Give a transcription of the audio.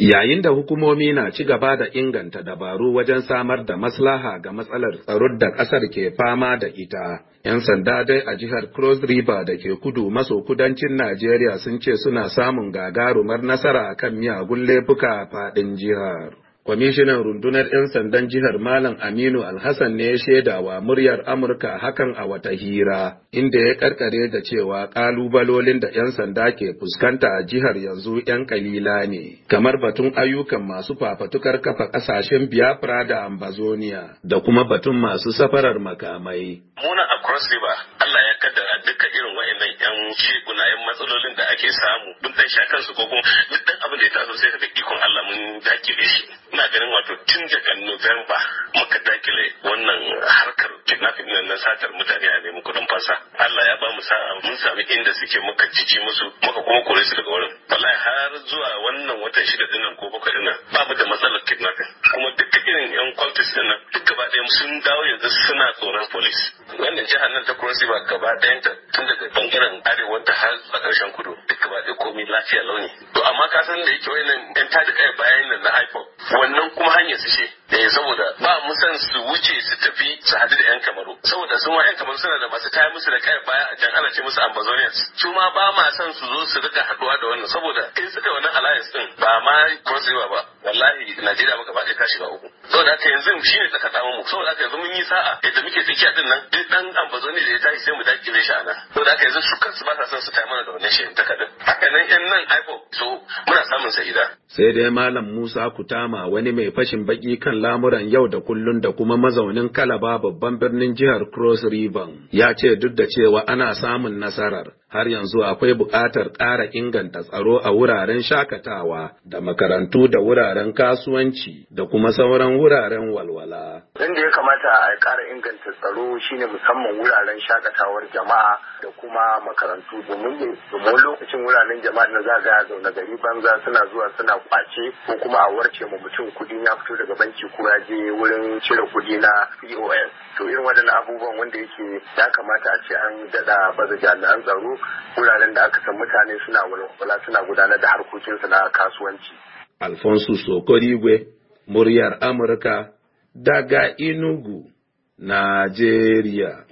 Yayin da hukumomi na ci gaba da inganta dabaru wajen samar da maslaha ga matsalar tsaron da ƙasar ke fama da ita, 'yan sanda dai a jihar Cross River da ke kudu maso kudancin Najeriya sun ce suna samun gagarumar nasara kan miyagun laifuka faɗin jihar. Kwamishinan rundunar 'yan sandan jihar Malam Aminu Alhassan ne ya shaida wa muryar Amurka hakan a wata hira, inda ya karkare da cewa ƙalubalolin da 'yan sanda ke fuskanta a jihar yanzu 'yan kalila ne, kamar batun ayyukan masu fafatukar kafa ƙasashen Biafra da Ambazonia da kuma batun masu safarar makamai. Muna a Cross Allah ya kaddara duka irin wa'annan 'yan shekuna 'yan matsalolin da ake samu, duk da shakansu ko kuma duk abin da ya ganin wato tun daga Nuwamba muka dakile wannan harkar kidnapping na satar mutane a nemi kudin fasa. Allah ya ba mu sa'a mun sami inda suke muka jiji musu muka kuma kore su daga wurin. Wallahi har zuwa wannan watan shida dinnan ko bakwai dinnan ba mu da matsalar kidnapping. Kuma duka irin 'yan din nan duk gaba ɗaya sun dawo yanzu suna tsoron police. Wannan jihar nan ta kurasi ba gaba ɗayanta tun daga bangaren arewa ta har a ƙarshen kudu duk gaba ɗaya komai lafiya launi. To amma ka san da yake wayannan 'yan tada kai bayan nan na IPOP wannan kuma hanya su ce ya eh, saboda ba mu san su wuce su tafi su haɗu da yan kamaru saboda sun wa yan kamaru suna da masu tayar musu da kai baya a can ana ce musu ambazonians su ma ba ma san su zo su rika haɗuwa da wannan saboda in suka wannan alliance din ba ma kursiwa ba wallahi Najeriya muka ba ta shiga uku saboda haka yanzu shine da ka mu saboda haka yanzu mun yi sa'a yadda muke tsakiya din nan duk dan ambazonians da ya tashi sai mu dakile shi a nan saboda haka yanzu su kansu ba sa son su tayi mana da wannan shirin ta sai dai Malam Musa Kutama wani mai fashin baki kan lamuran yau da kullun da kuma mazaunin Kalaba babban birnin jihar Cross River ya ce duk da cewa ana samun nasarar har yanzu akwai buƙatar ƙara inganta tsaro a wuraren shakatawa da makarantu da wuraren kasuwanci da kuma sauran wuraren walwala. Inda ya kamata a ƙara inganta tsaro shine musamman wuraren shakatawar jama'a da kuma makarantu domin lokacin wuraren jama'a na zaga zaune gari banza suna zuwa suna kwace ko kuma a warce mu mutum kuɗi ya fito daga banki ko ya je wurin cire kuɗi na POS. To irin waɗannan abubuwan wanda yake ya kamata a ce an daɗa baza jami'an tsaro wuraren da aka san mutane suna walwala suna gudanar da harkokinsu na kasuwanci. Alfonso Sokorigwe, muryar Amurka daga Inugu, Najeriya.